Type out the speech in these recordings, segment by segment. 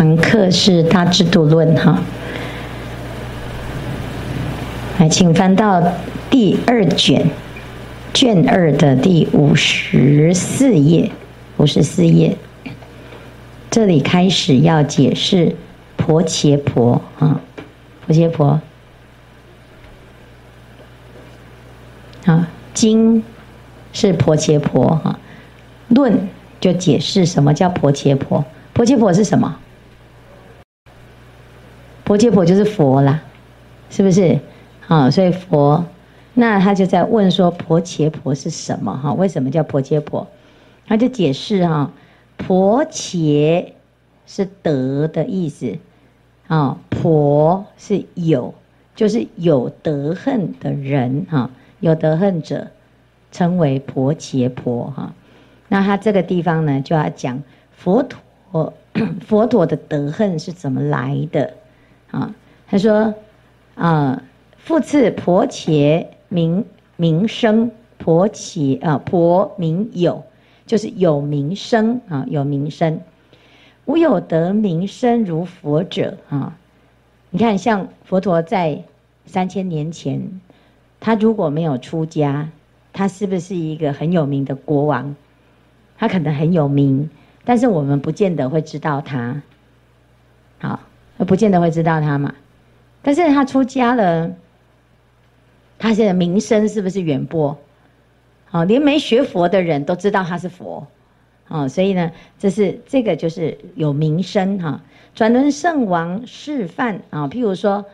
堂課是《大智度論》哈，來，請翻到第二卷卷二的第五十四頁，五十四頁，這裡開始要解釋婆伽婆啊，婆伽婆啊，經是婆伽婆哈，論就解釋什麼叫婆伽婆，婆伽婆是什麼？婆伽婆就是佛啦，是不是？啊，所以佛，那他就在問說，婆伽婆是什麼？哈，為什麼叫婆伽婆？他就解釋哈，婆伽是德的意思，啊，婆是有，就是有德恨的人哈，有德恨者稱為婆伽婆哈。那他這個地方呢，就要講佛陀佛陀的德恨是怎麼來的。啊、哦，他說，啊、哦，復次婆伽名名聲，婆伽啊、哦、婆名有，就是有名聲啊、哦、有名聲，無有得名聲如佛者啊、哦，你看像佛陀在三千年前，他如果沒有出家，他是不是一個很有名的國王？他可能很有名，但是我們不見得會知道他，好、哦。不見得會知道他嘛，但是他出家了，他現在名聲是不是遠播？哦，連沒學佛的人都知道他是佛，哦，所以呢，這是這個就是有名聲哈。轉輪聖王釋梵啊、哦，譬如說，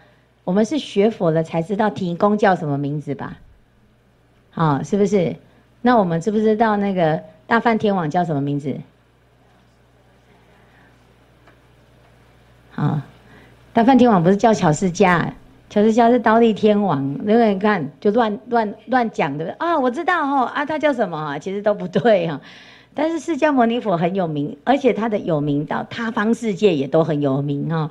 我們是學佛了才知道提公叫什麼名字吧？啊、哦，是不是？那我們知不知道那個大梵天王叫什麼名字？啊、哦？大梵天王不是叫憍屍迦，憍屍迦是忉利天王。因為你看就亂亂亂講的啊，對不對，哦，我知道哦啊，他叫什麼啊？其實都不對啊、哦。但是釋迦牟尼佛很有名，而且他的有名到他方世界也都很有名哦。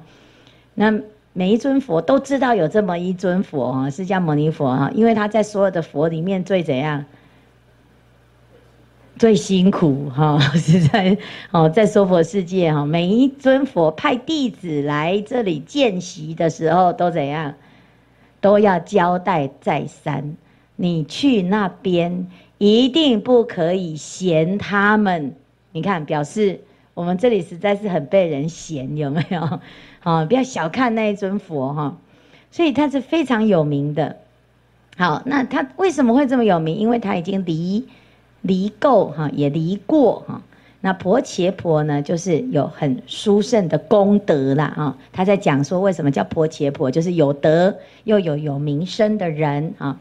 那每一尊佛都知道有這麼一尊佛啊、哦，釋迦牟尼佛啊、哦，因為他在所有的佛裡面最怎樣？最辛苦哈，是、哦、在哦，在娑婆世界哈、哦，每一尊佛派弟子來這裡見習的時候，都怎樣，都要交代再三，你去那邊一定不可以嫌他們。你看，表示我們這裡實在是很被人嫌，有沒有？哦，不要小看那一尊佛哈、哦，所以他是非常有名的。好，那他為什麼會這麼有名？因為他已經離。離垢哈也離過哈，那婆伽婆呢，就是有很殊勝的功德啦。啊。他在講說為什麼叫婆伽婆，就是有德又有有名聲的人啊。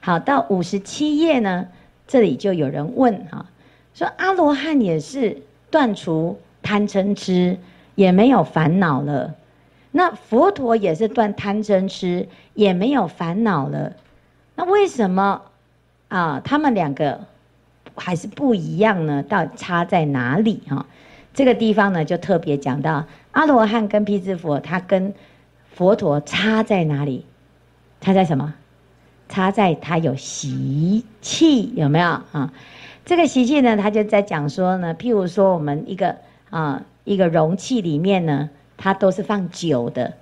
好，到五十七頁呢，這裡就有人問哈，說阿羅漢也是斷除貪嗔癡，也沒有煩惱了，那佛陀也是斷貪嗔癡，也沒有煩惱了，那為什麼啊？他們兩個？還是不一樣呢，到底差在哪裡啊、哦？這個地方呢，就特別講到阿羅漢跟辟支佛，他跟佛陀差在哪裡？差在什麼？差在他有習氣，有沒有啊、哦？這個習氣呢，他就在講說呢，譬如說我們一個啊、哦、一個容器裡面呢，它都是放酒的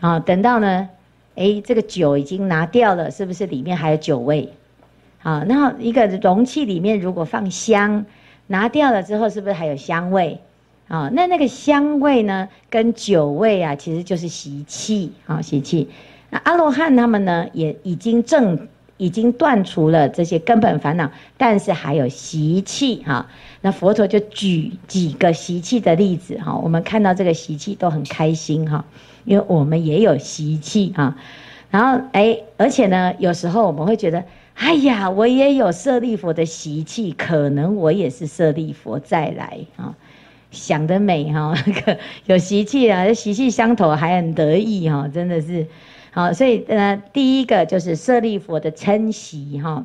啊、哦，等到呢，哎，這個酒已經拿掉了，是不是裡面還有酒味？啊，然後一個容器裡面如果放香，拿掉了之後，是不是還有香味？啊，那那個香味呢，跟酒味啊，其實就是習氣啊，習氣。那阿羅漢他們呢，也已經正，已經斷除了這些根本煩惱，但是還有習氣哈。那佛陀就舉幾個習氣的例子哈，我們看到這個習氣都很開心哈，因為我們也有習氣啊。然後哎，而且呢，有時候我們會覺得。哎呀，我也有舍利弗的習氣，可能我也是舍利弗再來啊，哦！想得美哈，哦，有習氣啊，習氣相投還很得意哈，哦，真的是。好，所以呢，第一個就是舍利弗的嗔習哈，哦，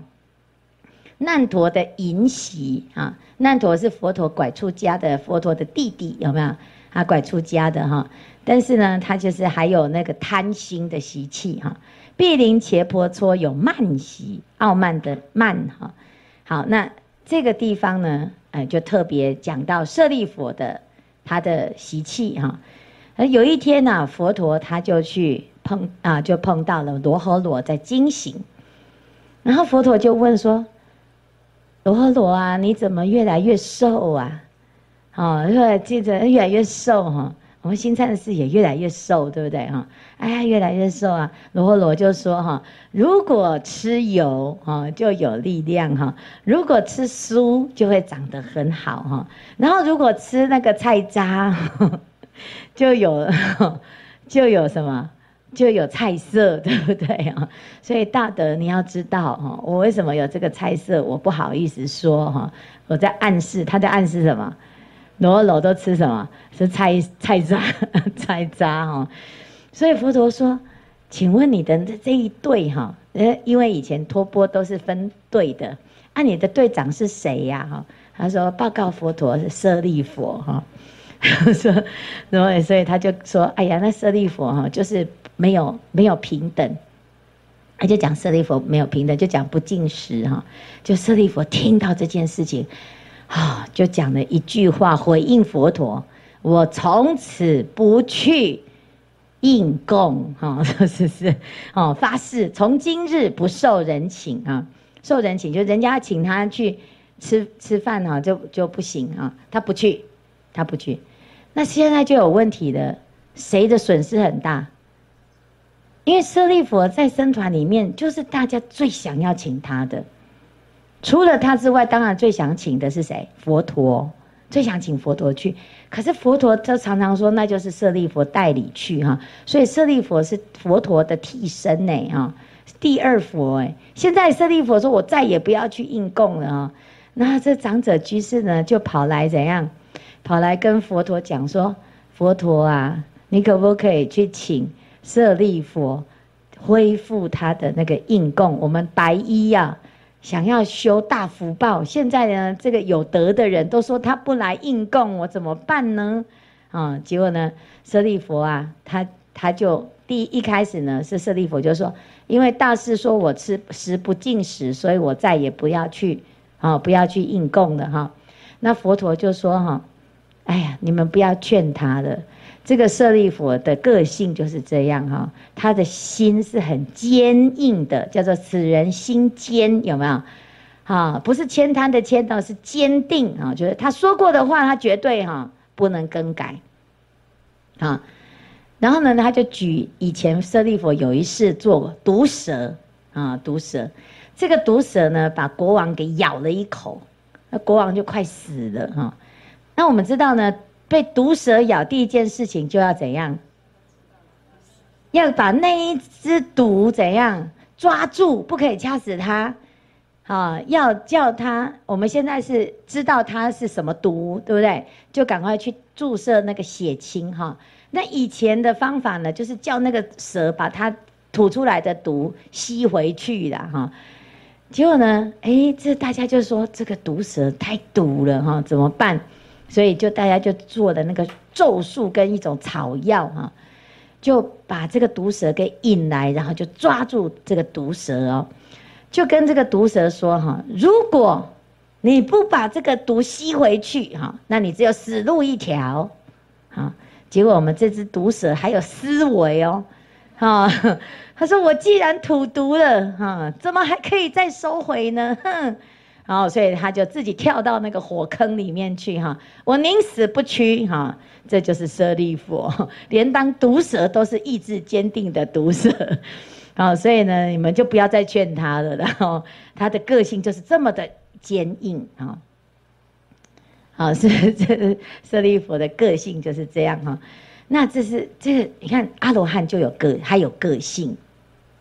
難陀的淫習啊，難陀是佛陀拐出家的，佛陀的弟弟有沒有？他拐出家的哈，哦，但是呢，他就是還有那個貪心的習氣哈。哦畢陵伽婆蹉有慢習，傲慢的慢哈。好，那這個地方呢，呃、就特別講到舍利弗的他的習氣哈。哦、有一天呢、啊，佛陀他就去碰啊，就碰到了羅睺羅在經行，然後佛陀就問說：“羅睺羅啊，你怎麼越來越瘦啊？哦，記得越來越瘦哈、哦。”我們新菜的事也越來越瘦，對不對哈？哎呀，越來越瘦啊！羅睺羅就說哈：如果吃油哈就有力量哈；如果吃酥就會長得很好哈；然後如果吃那個菜渣，就有就有什麼就有菜色，對不對啊？所以大德你要知道哈，我為什麼有這個菜色？我不好意思說哈，我在暗示他在暗示什麼？羅羅都吃什麼？是菜菜渣、菜渣哈、哦。所以佛陀說：“請問你的這一隊哈，呃，因為以前托缽都是分隊的，啊，你的隊長是誰呀？哈，他說：報告佛陀，是舍利弗哈、哦。說，然後所以他就說：哎呀，那舍利弗哈，就是沒有沒有平等。他就講舍利弗沒有平等，就講不進食哈。就舍利弗聽到這件事情。”啊、哦，就講了一句話回應佛陀：我從此不去應供，哈、哦，是是是，哦，發誓從今日不受人請啊、哦，受人請就人家請他去吃吃飯啊、哦，就就不行啊、哦，他不去，他不去。那現在就有問題了，誰的損失很大？因為舍利弗在僧團裡面，就是大家最想要請他的。除了他之外，當然最想請的是誰？佛陀，最想請佛陀去。可是佛陀他常常說，那就是舍利弗代理去哈。所以舍利弗是佛陀的替身、欸、第二佛哎、欸。現在舍利弗說：“我再也不要去應供了。”那這長者居士呢，就跑來怎樣？跑來跟佛陀講說：“佛陀啊，你可不可以去請舍利弗恢復他的那個應供？我們白衣呀、啊。”想要修大福報，現在呢，這個有德的人都說他不來應供，我怎麼辦呢？啊、哦，結果呢，舍利弗啊，他他就第一，一開始呢，是舍利弗就說，因為大師說我吃食不進食，所以我再也不要去啊、哦，不要去應供了哈、哦。那佛陀就說哈，哎呀，你們不要勸他了。這個舍利弗的個性就是這樣哈、哦，他的心是很堅硬的，叫做此人心堅，有沒有？啊、哦，不是慳貪的慳到是堅定啊、哦，就是他說過的話，他絕對哈、哦、不能更改，啊、哦。然後呢，他就舉以前舍利弗有一次做毒蛇啊、哦，毒蛇，這個毒蛇呢，把國王給咬了一口，那國王就快死了哈、哦。那我們知道呢。被毒蛇咬，第一件事情就要怎樣？要把那一只毒怎樣抓住，不可以掐死它，啊、哦，要叫它。我們現在是知道它是什麼毒，對不對？就趕快去注射那個血清哈、哦。那以前的方法呢，就是叫那個蛇把它吐出來的毒吸回去了哈、哦。結果呢，誒、欸，這大家就說這個毒蛇太毒了哈、哦，怎麼辦？所以就大家就做的那個咒術跟一種草藥哈，就把這個毒蛇給引來，然後就抓住這個毒蛇哦，就跟這個毒蛇說哈，如果你不把這個毒吸回去哈，那你只有死路一條，啊！結果我們這隻毒蛇還有思維哦，啊，他說我既然吐毒了哈，怎麼還可以再收回呢？哼。哦，所以他就自己跳到那個火坑裡面去哈，我寧死不屈哈、哦，這就是舍利弗，連當毒蛇都是意志堅定的毒蛇，哦，所以呢，你們就不要再勸他了，然後他的個性就是這麼的堅硬哈，好、哦，所以這舍利弗的個性就是這樣哈，那這是這個、你看阿羅漢就有個，他有個性，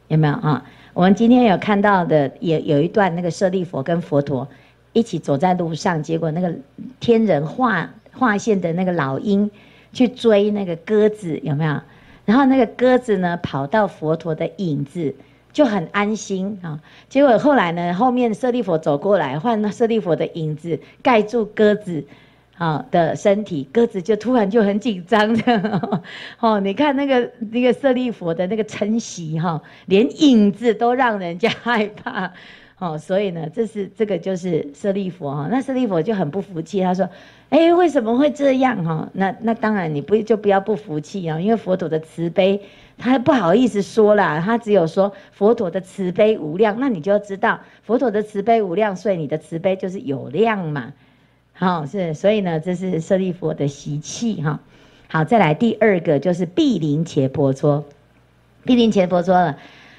有沒有啊？哦我們今天有看到的，有一段那個舍利弗跟佛陀一起走在路上，結果那個天人化，化現的那個老鷹去追那個鴿子，有沒有？然後那個鴿子呢，跑到佛陀的影子就很安心啊。結果後來呢，後面舍利弗走過來，換舍利弗的影子蓋住鴿子。啊、哦，的身體個子就突然就很緊張的哦，哦，你看那個那個舍利弗的那個瞋習，哈，連影子都讓人家害怕，哦，所以呢，這是這個就是舍利弗哈、哦，那舍利弗就很不服氣，他說，哎、欸，為什麼會這樣哈、哦？那那當然你不就不要不服氣啊、哦，因為佛陀的慈悲，他還不好意思說啦。他只有說佛陀的慈悲無量，那你就要知道佛陀的慈悲無量，所以你的慈悲就是有量嘛。好、哦、是，所以呢，這是舍利弗的習氣哈、哦。好，再來第二個就是畢陵伽婆蹉，畢陵伽婆蹉了，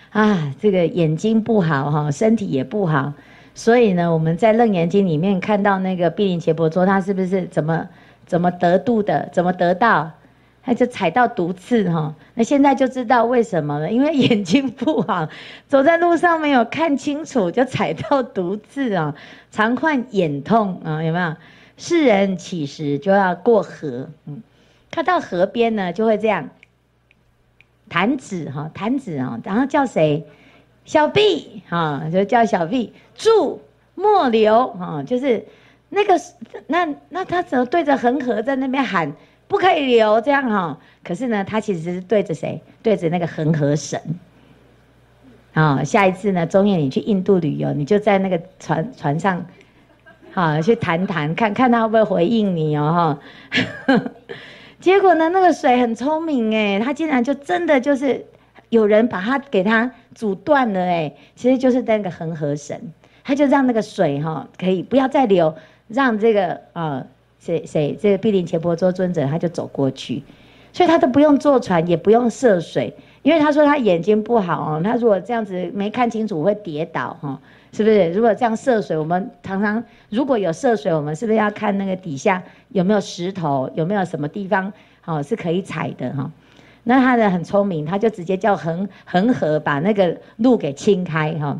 啊，這個眼睛不好哈、哦，身體也不好，所以呢，我們在《楞嚴經》裡面看到那個畢陵伽婆蹉，他是不是怎麼怎麼得度的，怎麼得到？他就踩到毒刺哈、哦，那現在就知道為什麼了，因為眼睛不好，走在路上沒有看清楚就踩到毒刺啊、哦，常患眼痛啊、哦，有沒有？世人起時就要過河，嗯，他到河邊呢就會這樣，彈指哈、哦，彈指啊、哦，然後叫誰？小婢啊、哦，就叫小婢，住莫流啊、哦，就是那個那那他怎麼對着恆河在那邊喊？不可以留，這樣哈、喔，可是呢，他其實是對着誰？對着那個恆河神。好、哦、下一次呢，中嶽你去印度旅遊，你就在那個船船上，好、哦、去談談看看他會不會回應你、喔、哦哈。 結果呢，那個水很聰明哎，他竟然就真的就是有人把他給他阻斷了哎，其實就是那個恆河神，他就讓那個水哈、喔、可以不要再流，讓這個啊。哦誰誰這個畢陵伽婆蹉尊者，他就走過去，所以他都不用坐船，也不用涉水，因為他說他眼睛不好哦、喔，他如果這樣子沒看清楚會跌倒哈、喔，是不是？如果這樣涉水，我們常常如果有涉水，我們是不是要看那個底下有沒有石頭，有沒有什麼地方好、喔、是可以踩的哈、喔？那他的很聰明，他就直接叫恆恆河把那個路給清開哈、喔。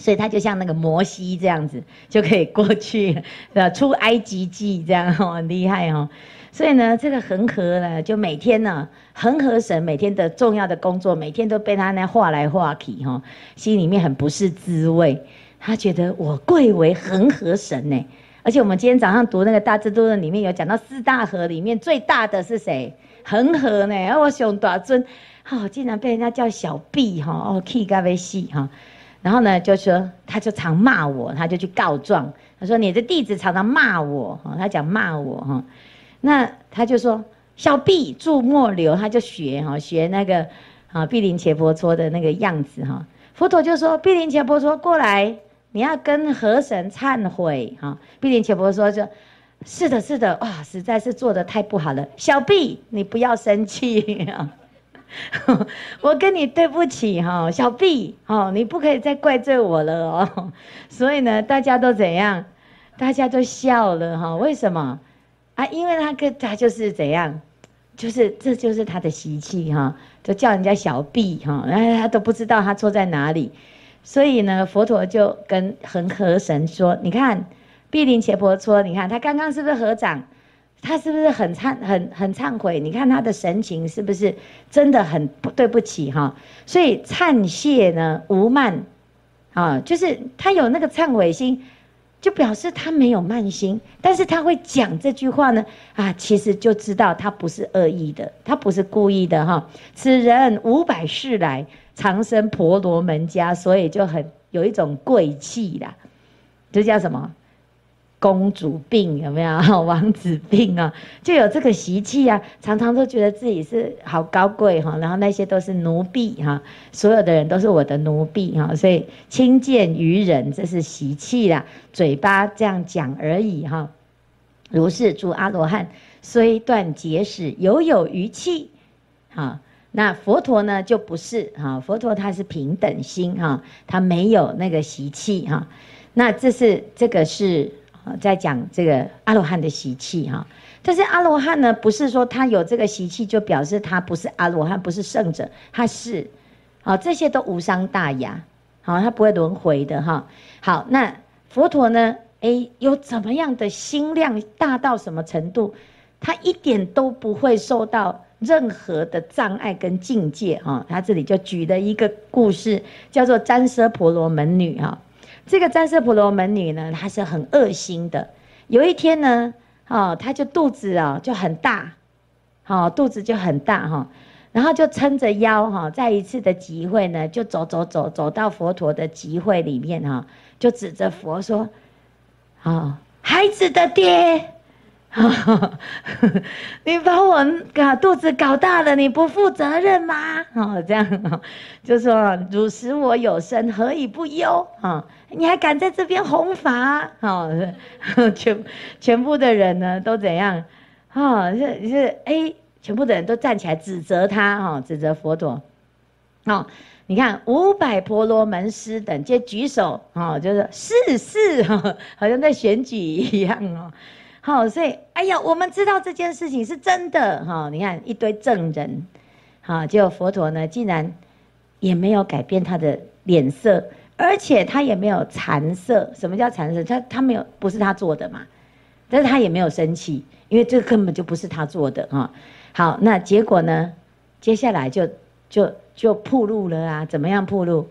所以他就像那個摩西這樣子，就可以過去，啊、出埃及記這樣，哦、很厲害哦。所以呢，這個恆河呢，就每天呢、啊，恆河神每天的重要的工作，每天都被他那畫來畫去，哈、哦，心裡面很不是滋味。他覺得我貴為恆河神呢，而且我們今天早上讀那個大智度論裡面有講到四大河裡面最大的是誰？恆河呢？啊，我想大尊，哈、哦，竟然被人家叫小婢哈，哦，氣個要死哈。哦。然後呢，就說他就常罵我，他就去告狀。他說，你的弟子常常罵我，他講罵我哈。那他就說小 B 住莫流，他就學哈學那個啊，林陵切波說的那個樣子哈。佛陀就說：碧林切婆說過來，你要跟河神懺悔哈。林陵切波說就：是的是的，哇、哦，實在是做的太不好了。小 B，你不要生氣。 我跟你對不起哈、哦，小婢哦，你不可以再怪罪我了哦。所以呢，大家都怎樣？大家都笑了哈、哦。為什麼？啊，因為他他就是怎樣，就是這就是他的習氣哈，就叫人家小婢哈，然、啊、後他都不知道他錯在哪裡。所以呢，佛陀就跟恆河神說：“你看，畢陵伽婆蹉，你看他剛剛是不是合掌？”他是不是很懺、很、很懺悔？你看他的神情，是不是真的很不對不起哈、喔？所以懺謝呢無慢，啊、喔，就是他有那個懺悔心，就表示他沒有慢心。但是他會講這句話呢，啊，其實就知道他不是惡意的，他不是故意的哈、喔。此人五百世來常生婆羅門家，所以就很有一種貴氣啦，這叫什麼？公主病，有沒有王子病啊，喔？就有這個習氣啊，常常都覺得自己是好高貴哈，喔，然後那些都是奴婢哈、喔，所有的人都是我的奴婢哈、喔，所以輕賤於人，這是習氣啦，嘴巴這樣講而已哈、喔。如是諸阿羅漢雖斷結使，猶有餘氣。哈、喔，那佛陀呢就不是哈、喔，佛陀他是平等心哈、喔，他沒有那個習氣哈。那這是這個是。在講這個阿羅漢的習氣哈，但是阿羅漢呢，不是說他有這個習氣就表示他不是阿羅漢，不是聖者，他是，好這些都無傷大雅，好他不會輪回的哈。好，那佛陀呢？哎，有怎麼樣的心量大到什麼程度，他一點都不會受到任何的障礙跟境界哈，他這裡就舉了一個故事，叫做旃遮婆羅門女哈。這個旃遮婆羅門女呢，她是很噁心的。有一天呢，哦、她就肚子啊、哦、就很大、哦，肚子就很大哈、哦，然後就撐着腰哈，在、哦、一次的集會呢，就走走走走到佛陀的集會裡面哈、哦，就指着佛說，啊、哦，孩子的爹。哦、呵呵你把我搞肚子搞大了，你不負責任嗎？哦，這樣，哦、就說“汝使我有身，何以不憂、哦？”你還敢在這邊弘法？全全部的人呢都怎樣、哦欸？全部的人都站起來指責他，哈、哦，指責佛陀。哦、你看五百婆羅門師等皆舉手，哦、就是是是”，好像在選舉一樣哦。好、哦，所以，哎呀，我們知道這件事情是真的哈、哦。你看一堆證人，好、哦，結果佛陀呢，竟然也沒有改變他的臉色，而且他也沒有慚色，什麼叫慚色？他他沒有，不是他做的嘛。但是他也沒有生氣，因為這根本就不是他做的哈、哦。好，那結果呢？接下來就就就暴露了啊，怎麼樣暴露？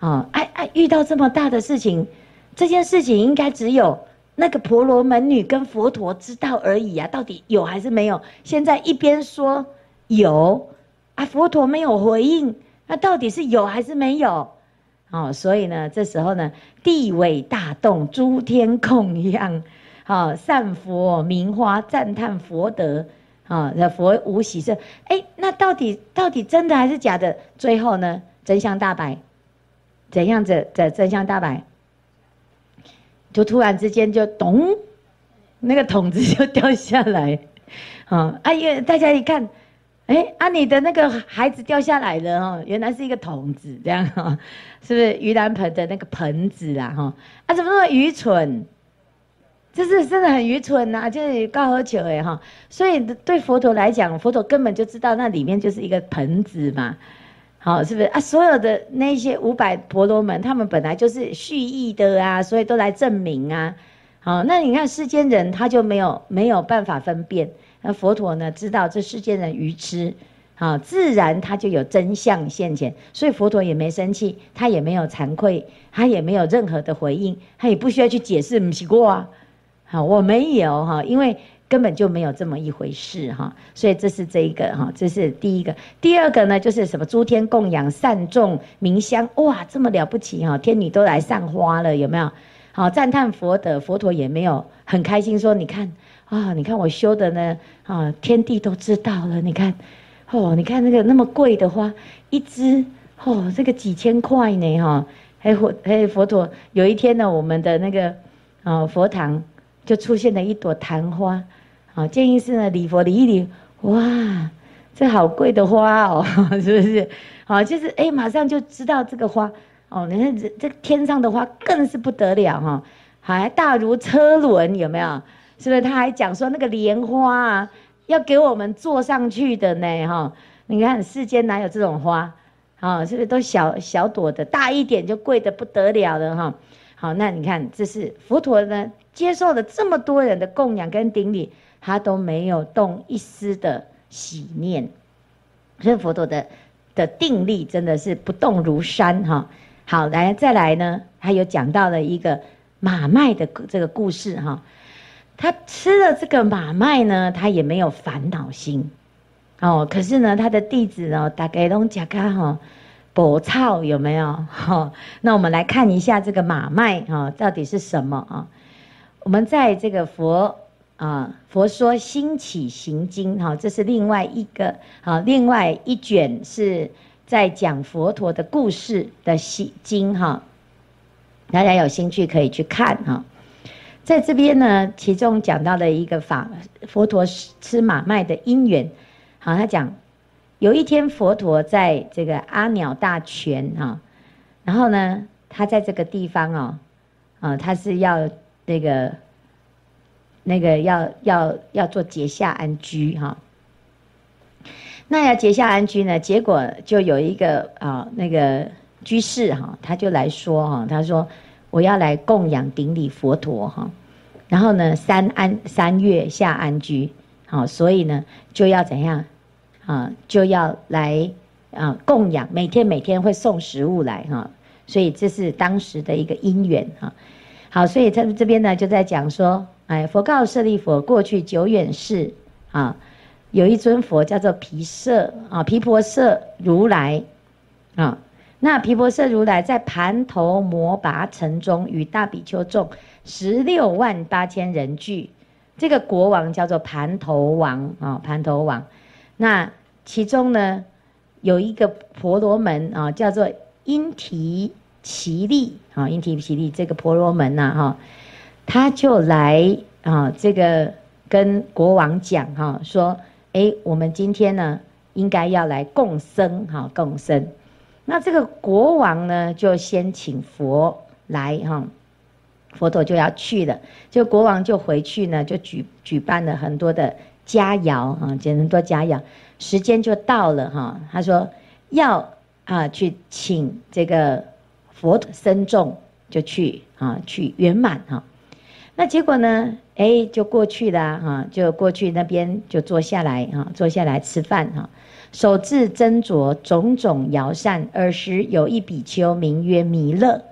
好、哦、哎哎，遇到這麼大的事情，這件事情應該只有。那個婆羅門女跟佛陀知道而已啊，到底有還是沒有？現在一邊說有，啊佛陀沒有回應，那到底是有還是沒有？哦，所以呢，這時候呢，地為大動，諸天供養，啊、哦、散佛名華讚歎佛德，啊、哦、那佛無喜色，哎、欸，那到底到底真的還是假的？最後呢，真相大白，怎樣子的真相大白？就突然之間就咚，那個桶子就掉下來，啊！阿耶，大家一看，哎、欸，啊，你的那個孩子掉下來了哦，原來是一個桶子，這樣哈，是不是盂蘭盆的那個盆子啦哈？啊，怎麼那麼愚蠢？就是真的很愚蠢吶、啊，就是剛喝酒哎哈，所以對佛陀來講，佛陀根本就知道那裡面就是一個盆子嘛。好，是不是啊？所有的那些五百婆羅門，他們本來就是蓄意的啊，所以都來證明啊。好，那你看世間人他就沒有沒有辦法分辨，那佛陀呢，知道這世間人愚痴，好，自然他就有真相現前，所以佛陀也沒生氣，他也沒有慚愧，他也沒有任何的回應，他也不需要去解釋，沒去過啊。好，我沒有哈，因為。根本就沒有這麼一回事哈，所以這是這一個哈，這是第一個。第二個呢，就是什麼諸天供養，善眾名香，哇，這麼了不起哈，天女都來上花了，有沒有？好，讚歎佛德，佛陀也沒有很開心說，你看啊、哦，你看我修的呢，啊，天地都知道了，你看，哦，你看那個那麼貴的花，一枝哦，這個幾千塊呢哈，哎佛哎佛陀有一天呢，我們的那個啊、哦，佛堂就出現了一朵曇花。好，建議是呢，禮佛禮一禮，哇，這好貴的花哦，是不是？好，就是哎、欸，馬上就知道這個花哦。你看這這天上的花更是不得了哈、哦，還大如車輪，有沒有？是不是？他還講說那個蓮花啊，要給我們坐上去的呢哈、哦。你看世間哪有這種花？好、哦，是不是都小小朵的，大一點就貴得不得了了哈、哦？好，那你看這是佛陀呢，接受了這麼多人的供養跟頂禮。他都沒有動一絲的喜念，所以佛陀的的定力真的是不動如山哈、哦。好，來再來呢，他有講到了一個馬麥的這個故事哈、哦。他吃了這個馬麥呢，他也沒有煩惱心哦。可是呢，他的弟子呢、哦，大概都講卡哈婆蹉有沒有哈、哦？那我們來看一下這個馬麥哈、哦、到底是什麼啊、哦？我們在這個佛。啊，佛說興起行經哈，這是另外一個啊，另外一卷是在講佛陀的故事的經哈。大家有興趣可以去看哈。在這邊呢，其中講到了一個法佛陀吃馬麥的因緣。好，他講有一天佛陀在這個阿耨大泉哈，然後呢，他在這個地方哦，啊，他是要那個。那個要要要做結夏安居哈，那要結夏安居呢？結果就有一個啊、哦，那個居士哈、哦，他就來說哈、哦，他說我要來供養頂禮佛陀哈、哦，然後呢三安三月夏安居，好、哦，所以呢就要怎樣啊、哦，就要來啊、哦、供養，每天每天會送食物來哈、哦，所以這是當時的一個因緣哈、哦。好，所以他這，這邊呢就在講說。哎，佛告舍利弗，過去久遠世啊，有一尊佛叫做毗舍啊，毗婆舍如來啊。那毗婆舍如來在盤頭摩拔城中，與大比丘眾十六萬八千人俱。這個國王叫做盤頭王啊，盤頭王。那其中呢，有一個婆羅門啊，叫做因提奇利啊，因提奇利這個婆羅門吶、啊，哈、啊。他就來啊，這個跟國王講哈，說，哎，我們今天呢，應該要來供僧哈，供僧。那這個國王呢，就先請佛來哈，佛陀就要去了，就國王就回去呢，就舉舉辦了很多的佳肴啊，很多佳肴。時間就到了哈，他說要啊，去請這個佛陀僧眾就去啊，去圓滿哈。那結果呢？哎，就過去了、啊、就過去那邊就坐下來坐下來吃飯啊，手自斟酌，種種肴膳，爾時有一比丘名曰彌勒，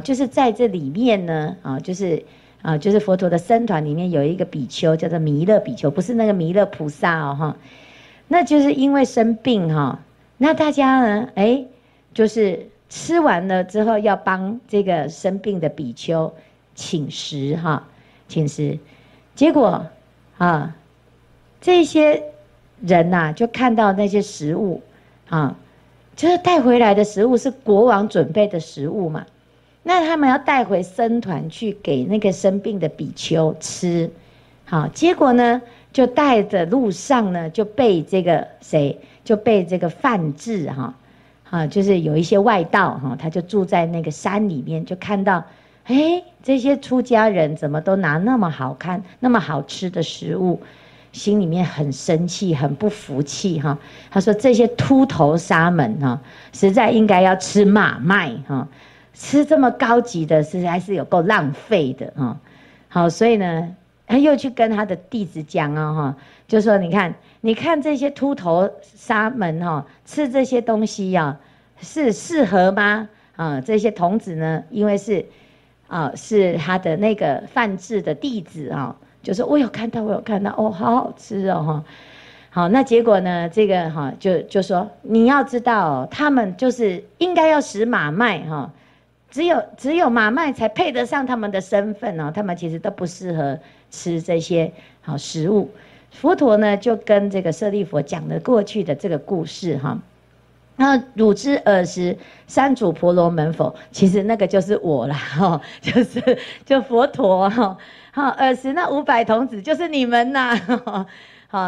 就是在這裡面呢，啊，就是啊，就是佛陀的僧團裡面有一個比丘叫做彌勒比丘，不是那個彌勒菩薩哦，哈，那就是因為生病哈，那大家呢，哎，就是吃完了之後要幫這個生病的比丘。請食哈，請食，結果啊，這些人吶、啊、就看到那些食物啊，就是帶回來的食物是國王準備的食物嘛，那他們要帶回僧團去給那個生病的比丘吃，好、啊，結果呢就帶着路上呢就被這個誰，就被這個梵志哈啊，就是有一些外道哈、啊，他就住在那個山裡面，就看到。哎，這些出家人怎麼都拿那麼好看、那麼好吃的食物，心裡面很生氣、很不服氣哈、哦。他說這些禿頭沙門哈、哦，實在應該要吃馬麥哈、哦，吃這麼高級的，實在是還是有夠浪費的哈、哦。好，所以呢，他又去跟他的弟子講啊、哦、哈，就說你看，你看這些禿頭沙門哈、哦，吃這些東西呀、哦，是適合嗎？啊、哦，這些童子呢，因為是。啊、哦，是他的那個梵志的弟子啊、哦，就說、是、我有看到，我有看到，哦，好好吃哦，哦，哈，好，那結果呢，這個哈、哦，就就說你要知道、哦，他們就是應該要食馬麥哈、哦，只有只有馬麥才配得上他們的身份哦，他們其實都不適合吃這些好食物。佛陀呢，就跟這個舍利弗講了過去的這個故事哈、哦。那汝知爾時三主婆羅門否？其實那個就是我啦，吼、哦，就是就佛陀，哈、哦，好，爾時那五百童子就是你們吶，好、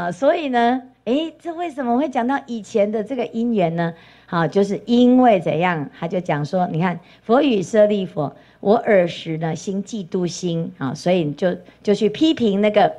哦，所以呢，誒，這為什麼會講到以前的這個因緣呢？好、哦，就是因為怎樣，他就講說，你看佛語舍利弗，我爾時呢心嫉妒心啊、哦，所以就就去批評那個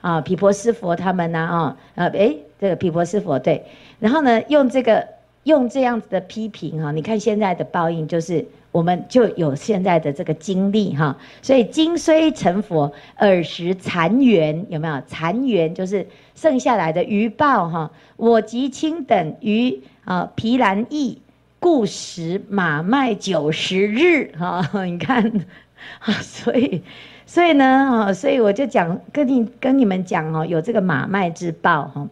啊毗、哦、婆屍佛他們吶，啊，呃、哦，誒，這個毗婆屍佛對，然後呢用這個。用這樣子的批評哈,你看現在的報應就是我們就有現在的這個經歷哈,所以今雖成佛,爾時殘緣，有沒有殘緣就是剩下來的餘報哈。我及親等於啊毗蘭邑故食馬麥九十日哈,你看啊，所以所以呢啊，所以我就講跟你跟你們講哦，有這個馬麥之報哈。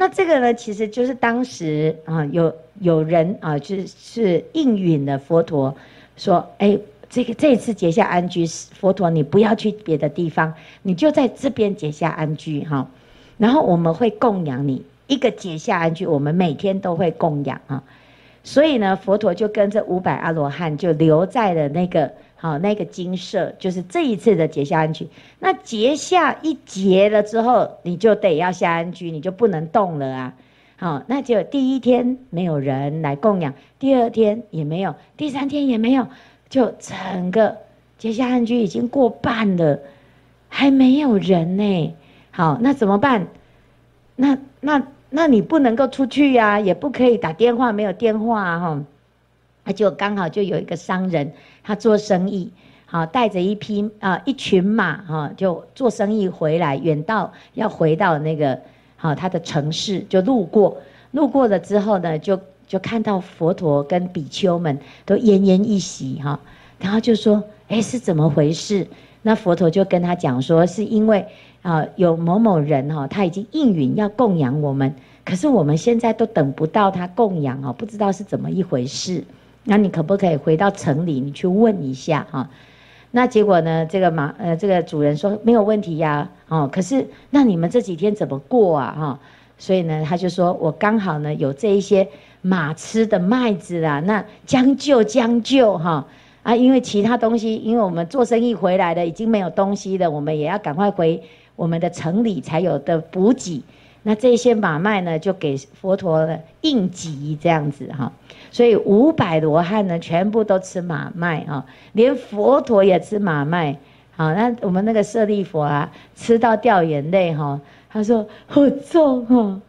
那這個呢，其實就是當時啊、哦，有有人啊、哦，就是，是應允了佛陀，說，哎、欸，這個這一次結夏安居，佛陀你不要去別的地方，你就在這邊結夏安居哈、哦，然後我們會供養你一個結夏安居，我們每天都會供養啊、哦，所以呢，佛陀就跟着五百阿羅漢就留在了那個。好，那個金色就是這一次的結夏安居。那結夏一結了之後，你就得要下安居，你就不能動了啊。好，那就第一天沒有人來供養，第二天也沒有，第三天也沒有，就整個結夏安居已經過半了，還沒有人呢、欸。好，那怎麼辦？那那那你不能夠出去呀、啊，也不可以打電話，沒有電話啊，哈。他就剛好就有一個商人，他做生意好，帶着一匹啊一群馬哈，就做生意回來，遠道要回到那個好他的城市，就路過路過了之後呢，就就看到佛陀跟比丘們都奄奄一息哈，然後就說，誒，是怎麼回事？那佛陀就跟他講說，是因為啊有某某人哈，他已經應允要供養我們，可是我們現在都等不到他供養哦，不知道是怎麼一回事。那你可不可以回到城裡，你去問一下哈？那結果呢？這個馬呃，這個主人說沒有問題呀、啊，哦，可是那你們這幾天怎麼過啊？哈、哦，所以呢，他就說我剛好呢有這一些馬吃的麥子啦，那將就將就哈、哦、啊，因為其他東西，因為我們做生意回來的已經沒有東西了，我們也要趕快回我們的城裡才有的補給。那這些馬麥呢，就給佛陀應急這樣子哈。哦所以五百羅漢呢，全部都吃馬麥啊、喔，連佛陀也吃馬麥。好，那我們那個舍利弗啊，吃到掉眼淚哈、喔。他說：“我咒哈，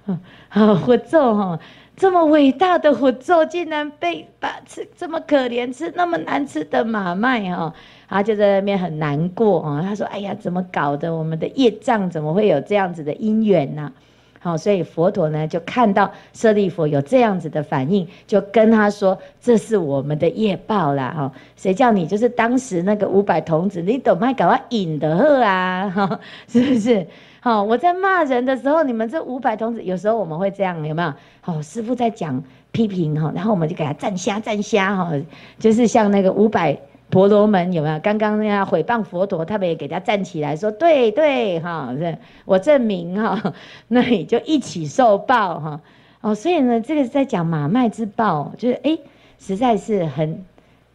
好、喔，我咒哈，這麼偉大的火咒，竟然被把吃這麼可憐，吃那麼難吃的馬麥哈。”他就在那邊很難過啊、喔。他說：“哎呀，怎麼搞的？我們的業障怎麼會有這樣子的因緣呢、啊？”好、哦，所以佛陀呢，就看到舍利弗有這樣子的反應，就跟他說：“這是我們的業報啦，哈、哦！誰叫你就是當時那個五百童子，你懂嗎？趕快引得喝啊，哈、哦？是不是？好、哦，我在罵人的時候，你們這五百童子，有時候我們會這樣，有沒有？好、哦，師父在講批評哈、哦，然後我們就給他贊蝦，贊蝦哈，就是像那個五百。”婆羅門有沒有？剛剛那樣毀謗佛陀，他們也給他站起來說：“對對，哈，我證明哈、喔，那你就一起受報哈、喔。喔”哦，所以呢，這個是在講馬麥之報，就是哎、欸，實在是很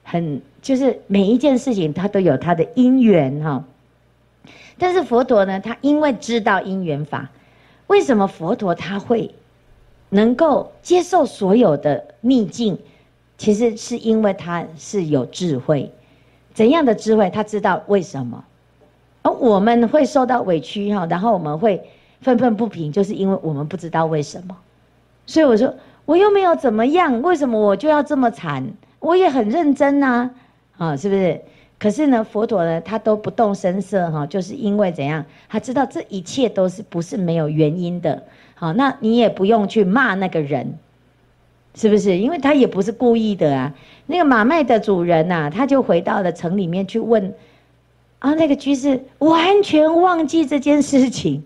很，就是每一件事情它都有它的因緣哈、喔。但是佛陀呢，他因為知道因緣法，為什麼佛陀他會能夠接受所有的逆境？其實是因為他是有智慧。怎樣的智慧，他知道為什麼，而我們會受到委屈哈，然後我們會憤憤不平，就是因為我們不知道為什麼，所以我說我又沒有怎麼樣，為什麼我就要這麼慘？我也很認真啊，啊，是不是？可是呢，佛陀呢，他都不動聲色哈，就是因為怎樣，他知道這一切都是不是沒有原因的，好，那你也不用去罵那個人。是不是？因為他也不是故意的啊。那個馬麥的主人吶、啊，他就回到了城裡面去問，啊，那個居士完全忘記這件事情，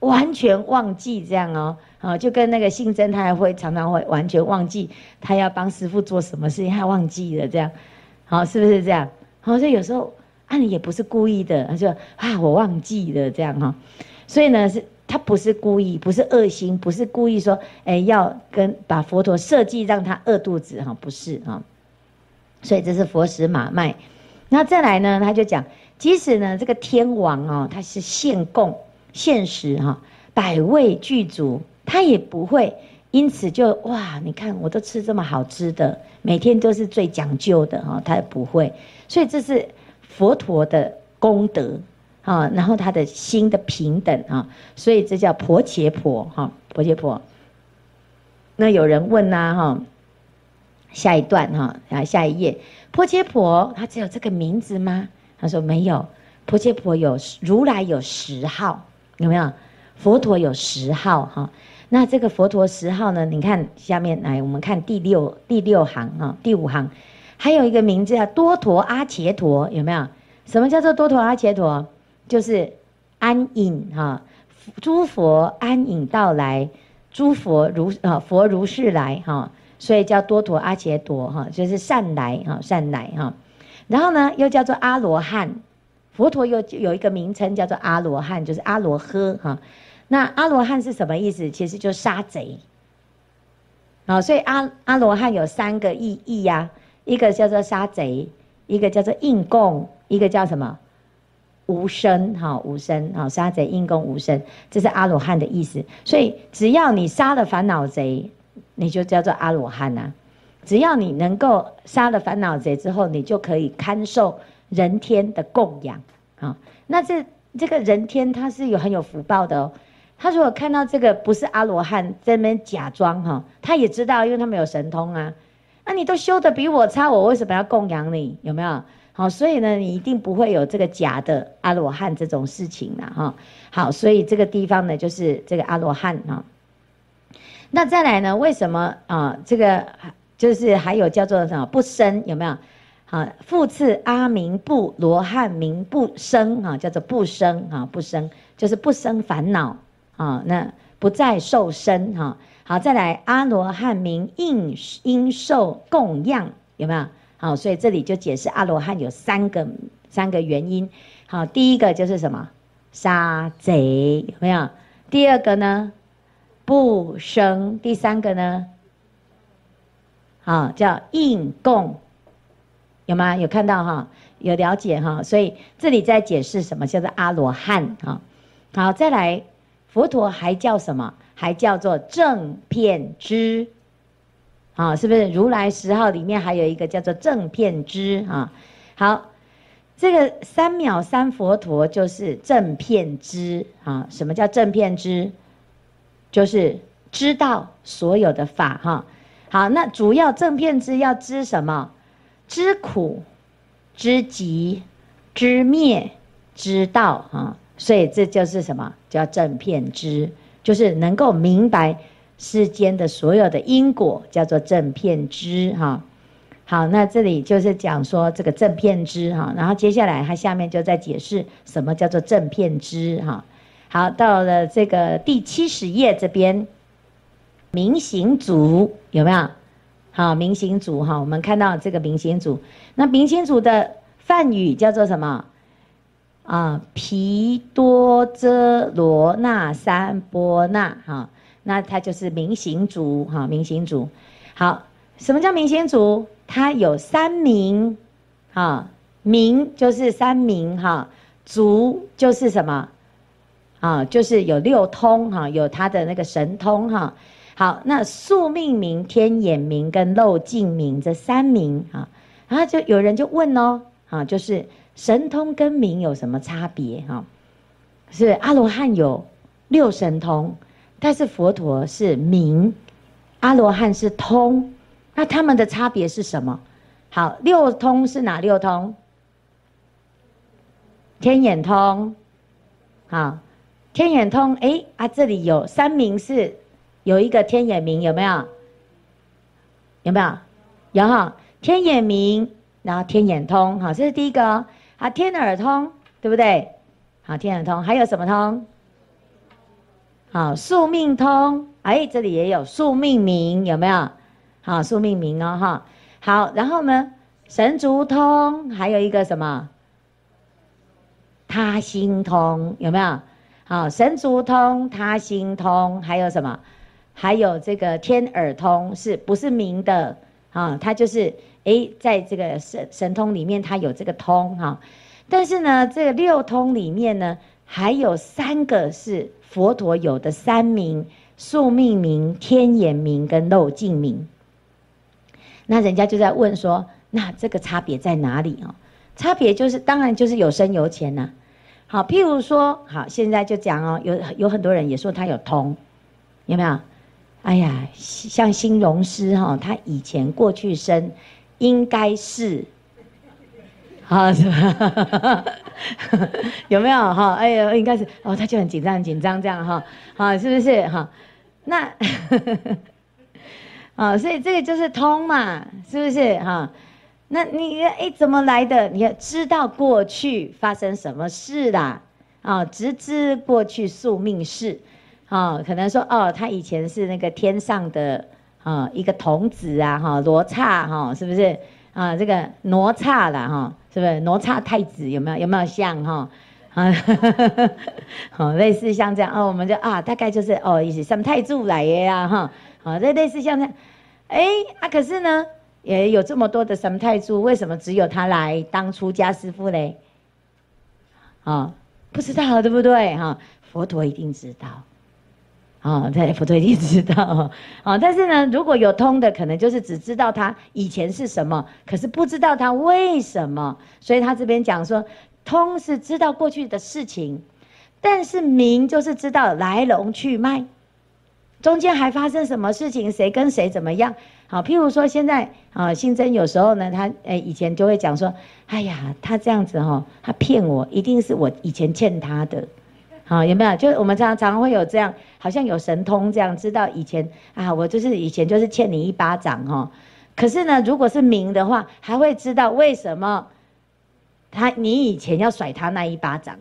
完全忘記這樣哦、喔，啊，就跟那個信真他還會常常會完全忘記他要幫師父做什麼事情，他忘記了這樣，好、啊，是不是這樣？好、啊，所以有時候啊，你也不是故意的，他說啊，我忘記了這樣哈、喔，所以呢是。他不是故意，不是惡心，不是故意說，哎、欸，要跟把佛陀設計讓他餓肚子哈，不是啊。所以這是佛食馬麥。那再來呢，他就講，即使呢這個天王哦，他是獻供獻食哈、哦，百味具足，他也不會因此就哇，你看我都吃這麼好吃的，每天都是最講究的哈，他也不會。所以這是佛陀的功德。啊、哦，然後他的心的平等啊、哦，所以這叫婆伽婆哈、哦，婆伽婆。那有人問吶、啊、哈、哦，下一段哈啊、哦，下一頁，婆伽婆他只有這個名字嗎？他說，沒有，婆伽婆有如來有十號，有沒有？佛陀有十號哈、哦，那這個佛陀十號呢？你看下面來，我們看第六第六行、哦，第五行，還有一個名字叫多陀阿伽陀，有沒有？什麼叫做多陀阿伽陀？就是安隱哈，諸佛安隱到來，諸佛如啊佛如是來哈，所以叫多陀阿伽多哈，就是善來哈善來哈，然後呢又叫做阿羅漢，佛陀又有一個名稱叫做阿羅漢，就是阿羅呵哈，那阿羅漢是什麼意思？其實就是殺賊，好，所以阿阿羅漢有三個意義呀、啊，一個叫做殺賊，一個叫做應供，一個叫什麼？無生哈、喔，無生哈，殺賊、應供、無生，這是阿羅漢的意思。所以只要你殺了煩惱賊，你就叫做阿羅漢啊。只要你能夠殺了煩惱賊之後，你就可以堪受人天的供養啊、喔。那這這個人天他是有很有福報的哦、喔。他如果看到這個不是阿羅漢這邊假裝哈、喔，他也知道，因為他沒有神通啊。那、啊、你都修得比我差，我為什麼要供養你？有沒有？好，所以呢，你一定不會有這個假的阿羅漢這種事情了哈、哦。好，所以這個地方呢，就是這個阿羅漢哈，那再來呢，為什麼啊、哦？這個就是還有叫做什麼不生有沒有？好，復次阿名不羅漢名不生啊、哦，叫做不生啊、哦，不生就是不生煩惱啊，那不再受生哈、哦。好，再來阿羅漢名應應受供養有沒有？好，所以這裡就解釋阿羅漢有三個三個原因。好，第一個就是什麼殺賊，有沒有？第二個呢，不生，第三個呢，好，叫應供，有嗎？有看到哈、哦？有了解哈、哦？所以這裡在解釋什麼叫做阿羅漢。好，再來佛陀還叫什麼？還叫做正遍知。啊、哦，是不是如來十號裡面還有一個叫做正遍知啊、哦？好，這個三藐三佛陀就是正遍知啊、哦。什麼叫正遍知？就是知道所有的法哈、哦。好，那主要正遍知要知什麼？知苦、知集、知滅、知道啊、哦。所以這就是什麼？叫正遍知，就是能夠明白。世間的所有的因果叫做正遍知哈。好，那這裡就是講說這個正遍知哈，然後接下來他下面就在解釋什麼叫做正遍知哈。好，到了這個第七十頁這邊，明行足有沒有？好，明行足。哈，我們看到這個明行足。那明行足的梵語叫做什麼？啊，皮多遮羅那三波那哈。那他就是明行足哈，明行足，好，什麼叫明行足？他有三明啊，明就是三明哈，足、啊，就是什麼啊？就是有六通哈、啊，有他的那個神通哈、啊。好，那宿命明、天眼明跟漏盡明，這三明啊，然後就有人就問哦、喔，啊，就是神通跟明有什麼差別哈？是，是阿羅漢有六神通，但是佛陀是明，阿羅漢是通，那他們的差別是什麼？好，六通是哪六通？天眼通，好，天眼通，哎、欸、啊，這裡有三明是有一個天眼明，有沒有？有沒有？有哈，天眼明，然後天眼通，好，這是第一個、哦，啊，天耳通，對不對？好，天耳通，還有什麼通？好，宿命通，哎、欸，這裡也有宿命明，有沒有？好，宿命明哦，哈。好，然後呢，神足通，還有一個什麼？他心通，有沒有？好，神足通、他心通，還有什麼？還有這個天耳通，是不是明的？啊，他就是，哎、欸，在這個神神通裡面，他有這個通哈。但是呢，這個六通裡面呢，還有三個是佛陀有的三明，宿命明、天眼明跟漏盡明。那人家就在問說：那這個差別在哪裡哦？差別就是當然就是有深有淺吶、啊。好，譬如說，好，現在就講哦、喔，有有很多人也說他有通，有沒有？哎呀，像新榮師哈、喔，他以前過去生應該是。啊，是吧？有沒有哈、哦？哎呀，應該是哦，他就很緊張，很緊張，這樣哈。好、哦哦，是不是哈、哦？那啊、哦，所以這個就是通嘛，是不是哈、哦？那你要哎，怎麼來的？你要知道過去發生什麼事啦。啊、哦，直知過去宿命事。啊、哦，可能說哦，他以前是那個天上的啊、哦、一個童子啊，哈、哦、羅剎哈、哦，是不是啊、哦？這個羅剎啦。哈、哦。是不是哪吒太子，有沒有？有沒有像哈，啊，好，類似像這樣哦，我們就啊大概就是哦，意思什麼太祖來耶啊哈，好，這類似像這樣，誒、哦，啊大概，就是哦、可是呢也有這麼多的什麼太祖，為什麼只有他來當出家師父嘞？啊、哦、不知道了對不對哈、哦？佛陀一定知道。啊，在佛陀一定知道。好、哦，但是呢，如果有通的，可能就是只知道他以前是什麼，可是不知道他為什麼。所以他這邊講說，通是知道過去的事情，但是明就是知道來龍去脈，中間還發生什麼事情，誰跟誰怎麼樣。好，譬如說現在啊，新、哦、增有時候呢，他哎、欸、以前就會講說，哎呀，他這樣子哈、哦，他騙我，一定是我以前欠他的。啊、哦，有沒有？就是我們常常會有這樣，好像有神通這樣，知道以前啊，我就是以前就是欠你一巴掌哈、哦。可是呢，如果是明的話，還會知道為什麼他你以前要甩他那一巴掌，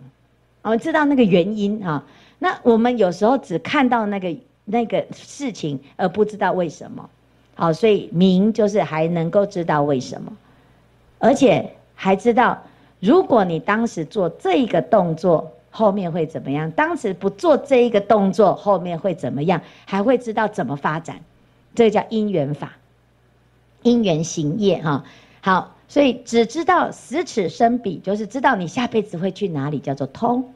我們知道那個原因啊、哦。那我們有時候只看到那個那個事情，而不知道為什麼。好、哦，所以明就是還能夠知道為什麼，而且還知道如果你當時做這一個動作。後面會怎麼樣？當時不做這一個動作，後面會怎麼樣？還會知道怎麼發展？這個、叫因緣法，因緣行業哈。好，所以只知道死此生彼，就是知道你下輩子會去哪裡，叫做通。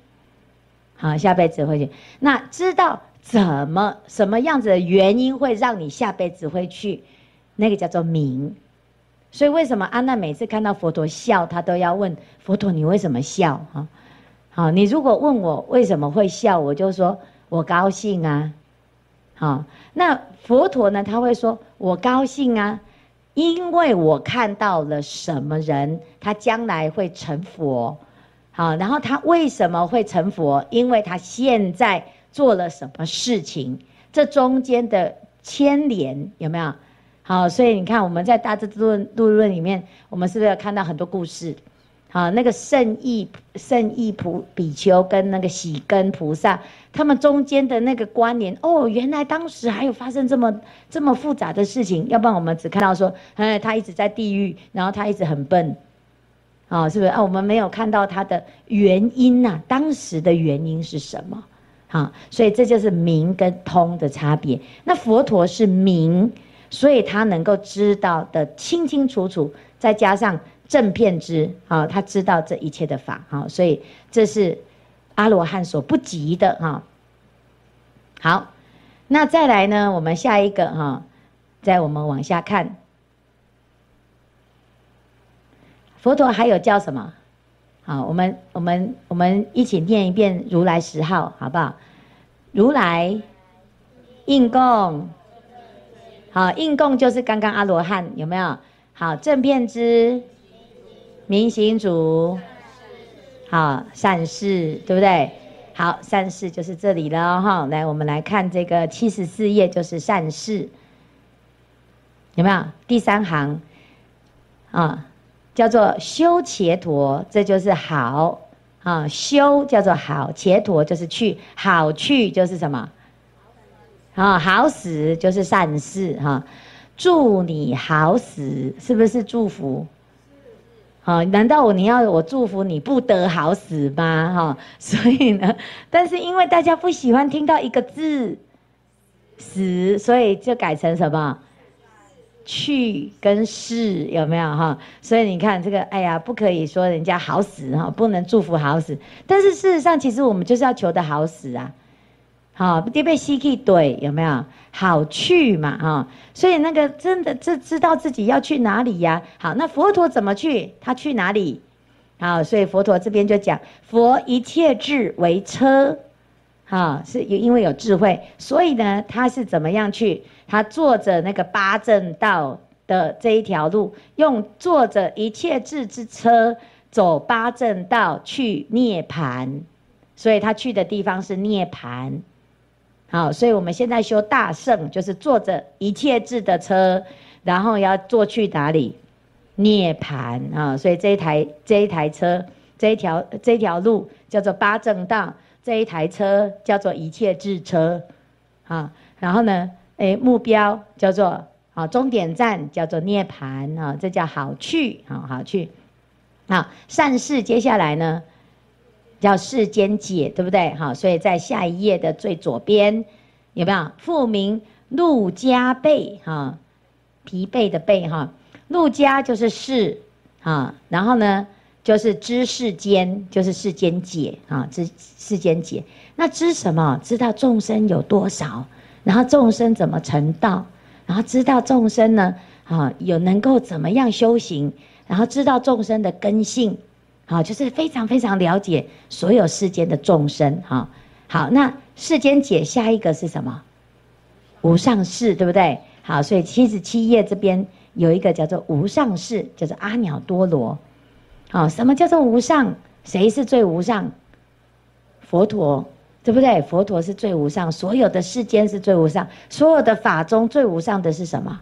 好，下輩子會去。那知道怎麼什麼樣子的原因，會讓你下輩子會去，那個叫做明。所以為什麼阿難每次看到佛陀笑，她都要問佛陀：“你為什麼笑？”哈。好，你如果問我為什麼會笑，我就說我高興啊。好，那佛陀呢？他會說我高興啊，因為我看到了什麼人，他將來會成佛。好，然後他為什麼會成佛？因為他現在做了什麼事情？這中間的牽連有沒有？好，所以你看我們在大致《大智度論》論論裡面，我們是不是有看到很多故事？啊，那個聖意聖意菩比丘，跟那個喜根菩薩，他們中間的那個關聯哦，原來當時還有發生這麼這麼複雜的事情。要不然我們只看到說，哎，他一直在地獄，然後他一直很笨，啊，是不是啊？我們沒有看到他的原因吶、啊，當時的原因是什麼？哈、啊，所以這就是明跟通的差別。那佛陀是明，所以他能夠知道的清清楚楚，再加上。正遍知、哦、他知道這一切的法、哦、所以這是阿羅漢所不及的、哦、好，那再來呢？我們下一個哈，在、哦、我們往下看，佛陀還有叫什麼？好，我們我們我們一起念一遍如來十號好不好？如來應供，好，應供就是剛剛阿羅漢有沒有？好，正遍知。明行足，好善逝、啊、事，對不對？好善逝就是這裡了哈。來，我們來看這個七十四頁，就是善逝。有沒有第三行？啊，叫做修伽陀，這就是好啊。修叫做好，伽陀就是去。好去就是什麼？啊，好死就是善逝哈、啊。祝你好死，是不是祝福？好、哦，難道我你要我祝福你不得好死嗎？哈、哦！所以呢，但是因為大家不喜歡聽到一個字“死”，所以就改成什麼“去”跟“逝”，有沒有？哈、哦！所以你看這個，哎呀，不可以說人家好死哈、哦，不能祝福好死。但是事實上，其實我們就是要求得好死啊。好，你被西氣懟有沒有？好去嘛，哈、哦。所以那個真的，知知道自己要去哪裡呀、啊？好，那佛陀怎麼去？他去哪裡？好，所以佛陀這邊就講：佛一切智為車，好，是因因為有智慧，所以呢，他是怎麼樣去？他坐着那個八正道的這一條路，用坐着一切智之車走八正道去涅槃，所以他去的地方是涅槃。好，所以我們現在修大乘，就是坐着一切智的車，然後要坐去哪裡？涅槃啊！所以這一台這一台車，這一條這條路叫做八正道，這一台車叫做一切智車，啊，然後呢，哎、欸，目標叫做啊，終點站叫做涅槃啊，這叫好去啊，好去，啊，善逝接下來呢？叫世間解，對不對？好，所以在下一頁的最左邊有沒有復名路迦憊，哈，疲憊的憊，哈，路迦就是世，哈，然後呢，就是知世間就是世間解啊，知世間解，那知什麼？知道眾生有多少，然後眾生怎麼成道，然後知道眾生呢啊有能夠怎麼樣修行，然後知道眾生的根性。好，就是非常非常了解所有世間的眾生。哈，好，那世間解下一個是什麼？無上士，對不對？好，所以七十七頁這邊有一個叫做無上士，叫做阿耨多羅。好，什麼叫做無上？誰是最無上？佛陀，對不對？佛陀是最無上，所有的世間是最無上，所有的法中最無上的是什麼？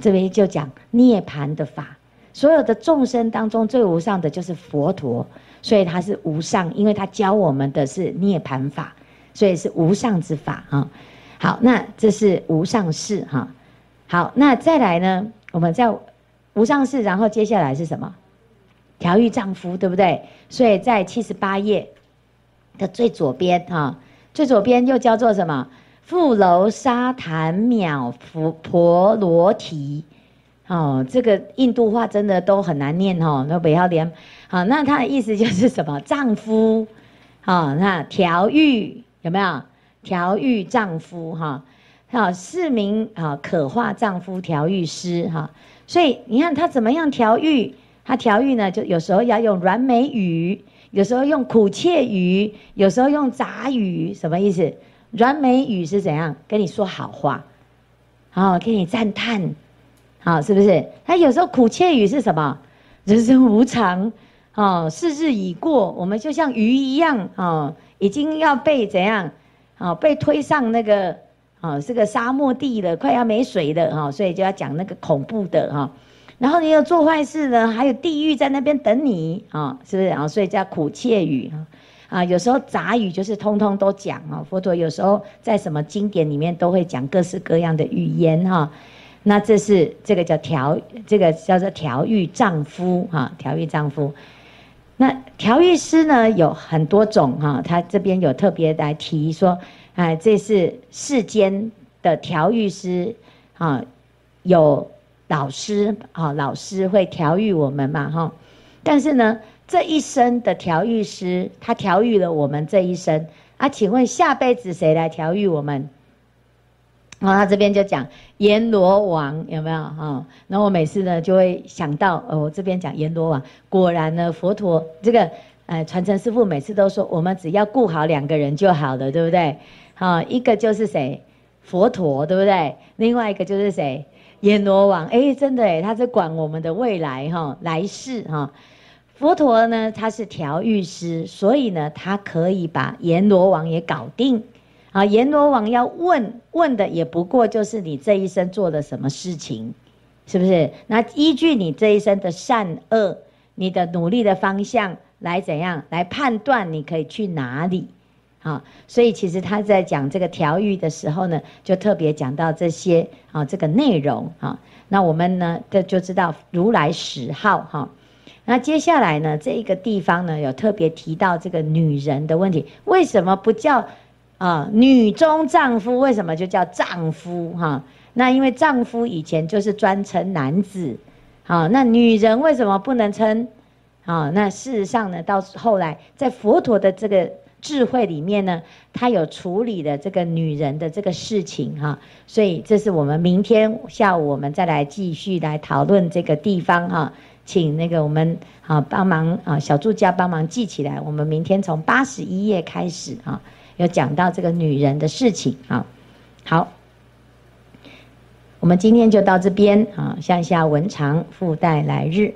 這邊就講涅槃的法。所有的眾生當中最無上的就是佛陀，所以他是無上，因為他教我們的是涅槃法，所以是無上之法啊、哦。好，那這是無上士哈、哦。好，那再來呢，我們在無上士，然後接下來是什麼？調御丈夫，對不對？所以在七十八頁的最左邊啊、哦，最左邊又叫做什麼？富樓沙曇藐佛婆羅提。哦，這個印度話真的都很難念哦。那韋浩廉，好，那他的意思就是什麼？丈夫，啊、哦，那調御有沒有？調御丈夫哈，好是名啊，可化丈夫調御師哈、哦。所以你看他怎麼樣調御。他調御呢，就有時候要用軟美語，有時候用苦切語，有時候用雜語。什麼意思？軟美語是怎樣跟你說好話？好、哦，給你讚歎。好、啊，是不是？他有時候苦切語是什麼？人生無常，啊是日已過，我們就像魚一樣，啊已經要被怎樣，啊被推上那個，啊是個沙漠地了，快要沒水了，哈、啊，所以就要講那個恐怖的，哈、啊。然後你有做壞事呢？還有地獄在那邊等你，啊，是不是？啊所以叫苦切語，啊，有時候雜語就是通通都講啊。佛陀有時候在什麼經典裡面都會講各式各樣的語言，哈、啊。那這是這個叫調，這個叫做調御丈夫啊，調、喔、御丈夫。那調御師呢，有很多種啊、喔，他這邊有特別來提說，哎，這是世間的調御師啊、喔，有老師啊、喔，老師會調育我們嘛哈、喔。但是呢，這一生的調御師他調育了我們這一生啊，請問下輩子誰來調育我們？然、喔、後他這邊就講。閻羅王有沒有哈？然後、哦、我每次呢就會想到，我、哦、這邊講閻羅王，果然呢，佛陀這個，哎、呃，傳承師父每次都說，我們只要顧好兩個人就好了，對不對？好、哦，一個就是誰，佛陀，對不對？另外一個就是誰，閻羅王。哎，真的他是管我們的未來哈、哦，來世哈、哦。佛陀呢，他是調御師，所以呢，他可以把閻羅王也搞定。啊，閻羅王要問問的也不過就是你這一生做了什麼事情，是不是？那依據你這一生的善惡，你的努力的方向來怎樣來判斷你可以去哪裡？啊，所以其實他在講這個調御的時候呢，就特別講到這些啊這個內容啊。那我們呢就就知道如來十號哈。那接下來呢這一個地方呢有特別提到這個女人的問題，為什麼不叫？啊，女中丈夫為什麼就叫丈夫哈？那因為丈夫以前就是專稱男子，好，那女人為什麼不能稱？啊，那事實上呢，到後來在佛陀的這個智慧裡面呢，他有處理了這個女人的這個事情哈。所以這是我們明天下午我們再來繼續來討論這個地方哈。請那個我們好幫忙啊，小助教幫忙記起來，我們明天從八十一頁開始啊。要講到這個女人的事情啊，好，我們今天就到這邊啊，向下文長，付在來日。